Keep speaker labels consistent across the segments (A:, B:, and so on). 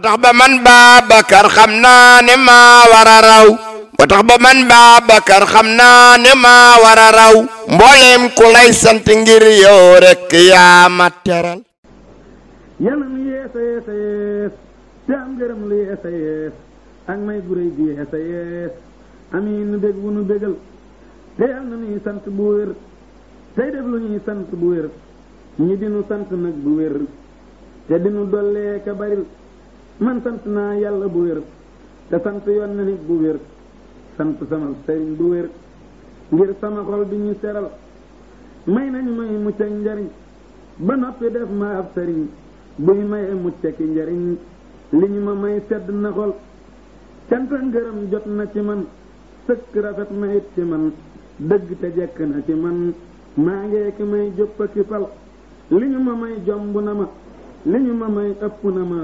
A: ba ba man Babacar xam naa ne maa tax ba man Babacar xam naa ne maa war a raw mbooleem ku lay sant ngir yow rek yaa teral yàlla nu yeesa yeesa yees te am ngërëm lu yeesa yees ak may gi yeesa yees nu bég wu nu bégal te am na nuy sant bu wér tey def lu ñuy sant bu wér ñi dinu sant nag bu wér te dinu dollee ka baril man sant naa yàlla bu wér te sant yoon na nit bu wér sant sama sëriñ bu wér ngir sama xol bi ñu seral may nañ may mucc njariñ ba noppi def ma ab sëriñ buy maye mucc ak njariñ li ñu ma may sedd na xol cant ak ngërëm jot na ci man sëkk rafet ma it ci man dëgg te jekk na ci man maa ngee ki may jëpp ak fal li ñu ma may jomb na ma li ñu ma may ëpp na ma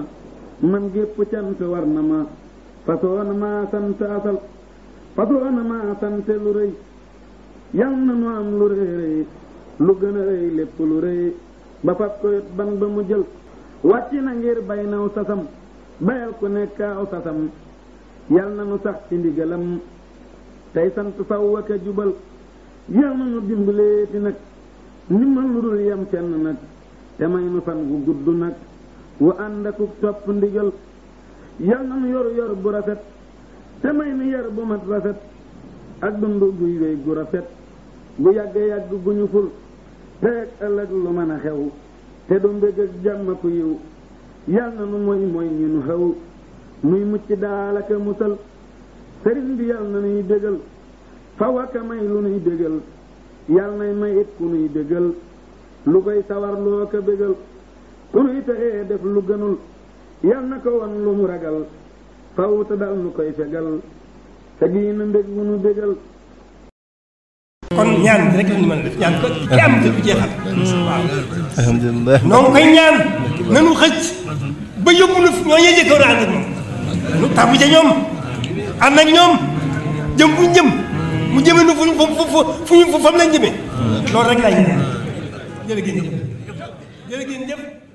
A: man gépp cant war na ma fasoona maa sant asal fasoona maa sante lu rëy yal na nu am lu rëy rëy lu gën a rëy lépp lu rëy ba fab ko yot ban ba mu jël wàcc na ngir bay naw sasam bayal ku nekk aw sasam yal na nu sax ci ndigalam tey sant saw ak a jubal yal na nu dimbalee ti nag ndimbal lu dul yam fenn nag te may nu fan gu gudd nag wa ànd ak topp ndigal yal na nu yor yor bu rafet te may nu yar bu mat rafet ak dundu guy wéy gu rafet bu yàgg yàgg gu ñu ful te ëllëg lu mën a xew te du mbég ak jàmm ko yiw yal na nu mooy mooy ñu nu xew muy mucc daalaka musal sëriñ bi yal na nuy dégal fawaka may lu nuy dégal yal nay may it ku nuy dégal lu koy sawarloo ka bégal kunuy texee lu gënul yal na mu ragal faw te ko ci am te du jeexal waaw alhamdulilah noonu koy ñaan nanu xëcc ba yóbbu nu ñoo ñee jëkk war a ànd ak nu tabu ca ñoom ànd ak ñoom jëm jëm mu jëme nu fu ñu fam lañ jëme loolu rek laay ñaan jërëjëf